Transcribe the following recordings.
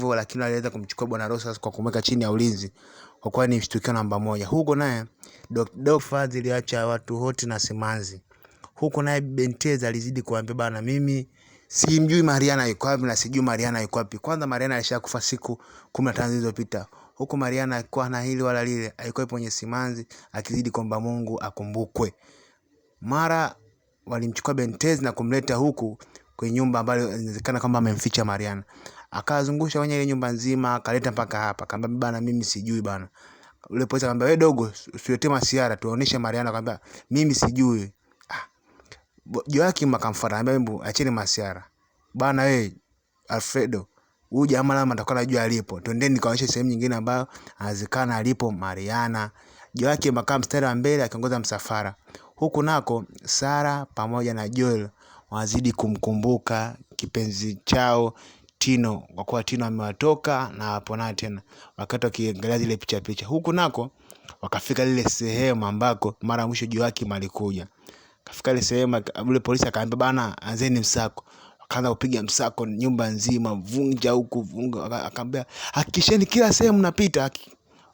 hivyo, lakini aliweza kumchukua Bwana Rosas kwa kumweka chini ya ulinzi kwa kuwa ni mshtukio namba moja. Huko naye Dok Fadz iliacha watu wote na simanzi. Huko naye Benteza alizidi kuambia bana, mimi simjui Mariana yuko wapi na sijui Mariana yuko wapi. Kwanza Mariana alishakufa siku 15 zilizopita. Huko Mariana alikuwa na hili wala lile, alikuwa kwenye simanzi akizidi kuomba Mungu akumbukwe. Mara walimchukua Bentez na kumleta huku kwenye nyumba ambayo inawezekana kwamba amemficha Mariana akazungusha wenye ile nyumba nzima, akaleta mpaka hapa. Kaambia bana, mimi sijui bana. ule polisi akamwambia wewe dogo, usiletee masiara, tuoneshe Mariana. Akamwambia mimi sijui. Ah. Joakim akamfuata, akamwambia mbu, acheni masiara. Bana wewe Alfredo, huyu jamaa lama atakuwa anajua alipo. Twendeni kaonyeshe sehemu nyingine ambayo anazikana alipo Mariana. Joakim akaa mstari wa mbele akiongoza msafara. Huku nako Sara pamoja na Joel wanazidi kumkumbuka kipenzi chao Tino kwa kuwa Tino amewatoka na hapo na tena, wakati wakiangalia zile picha picha. Huku nako wakafika lile sehemu ambako mara mwisho Joakim alikuja. Kafika ile sehemu, yule polisi akaambia, bana, anzeni msako. Akaanza kupiga msako nyumba nzima, vunja huku vunja, akaambia hakikisheni kila sehemu napita.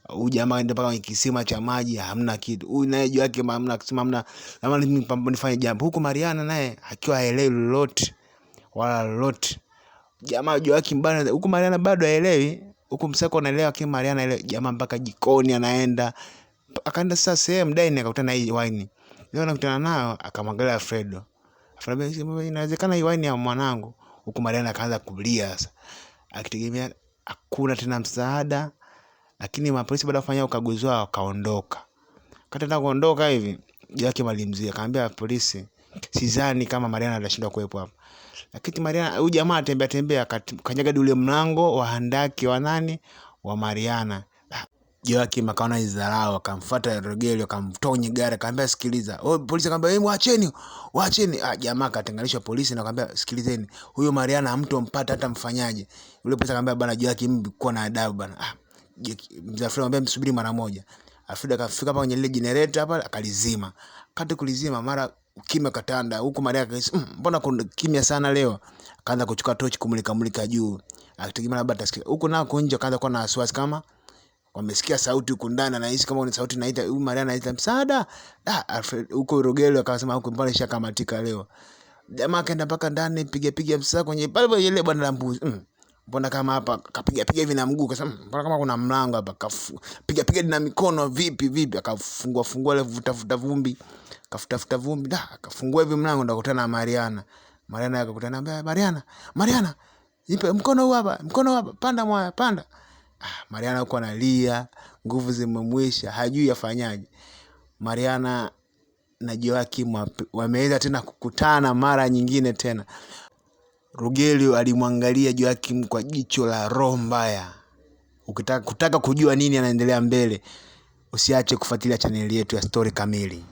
Huyu jamaa ndio mpaka kisima cha maji, hamna kitu. Huyu naye juu yake hamna kisima, hamna kama nifanye jambo. Huku Mariana naye akiwa haelewi lolote wala lolote Jamaa Joakim bana huko Mariana bado haelewi, huko Msako anaelewa lakini Mariana ile Jamaa mpaka jikoni anaenda. Akaenda sasa sehemu dine akakutana hii wine. Leo anakutana nayo akamwangalia Alfredo. Alfredo inawezekana hii wine ya mwanangu. Huko Mariana akaanza kulia sasa. Akitegemea hakuna tena msaada. Lakini mapolisi baada kufanya ukaguzi wao wakaondoka. Kataenda kuondoka hivi, Joakim alimzia akamwambia polisi sizani kama Mariana atashindwa kuwepo hapa. Lakini Mariana huyu jamaa atembea tembea kanyaga ule mlango wa handaki wa nani wa Mariana. Joakim ah, akaona idharau akamfuata Rogelio akamtoa kwenye gari akamwambia sikiliza. Oh, polisi akamwambia hey, waacheni, waacheni. Ah, jamaa akatenganishwa polisi na akamwambia sikilizeni. Huyo Mariana mtu ampata hata mfanyaje. Yule polisi akamwambia bana Joakim kuwa na adabu bana. Ah, mzee Alfredo akamwambia msubiri mara moja. Afrika akafika hapa kwenye ile generator hapa akalizima. Kati kulizima mara ukimya katanda huko. Maria akahisi mmm, mbona kuna kimya sana leo? Akaanza kuchukua tochi kumulika mulika juu, akitegemea labda atasikia huko. Na huko nje akaanza kuwa na wasiwasi kama wamesikia sauti huko ndani, anahisi kama ni sauti naita huyu Maria anaita msaada. Ah, huko Rogelo akasema huko mbona ishakamatika leo. Jamaa akaenda mpaka ndani, piga piga msasa kwenye pale pale ile bwana la mbuzi mm mbona kama hapa kapiga piga hivi na mguu, kasema hmm, mbona kama kuna mlango hapa, kafu piga piga na mikono vipi vipi, akafungua fungua ile vuta vuta vumbi, kafuta futa vumbi da, akafungua hivi mlango, ndo akutana na Mariana. Mariana akakutana naye, Mariana, Mariana, ipe mkono huu hapa, mkono hapa, panda mwaya, panda. Ah, Mariana huko analia, nguvu zimemwisha, hajui afanyaje. Mariana na Joakim wameweza tena kukutana mara nyingine tena. Rogelio alimwangalia Joakim kwa jicho la roho mbaya. Ukitaka kutaka kujua nini anaendelea mbele, usiache kufuatilia chaneli yetu ya Stori Kamili.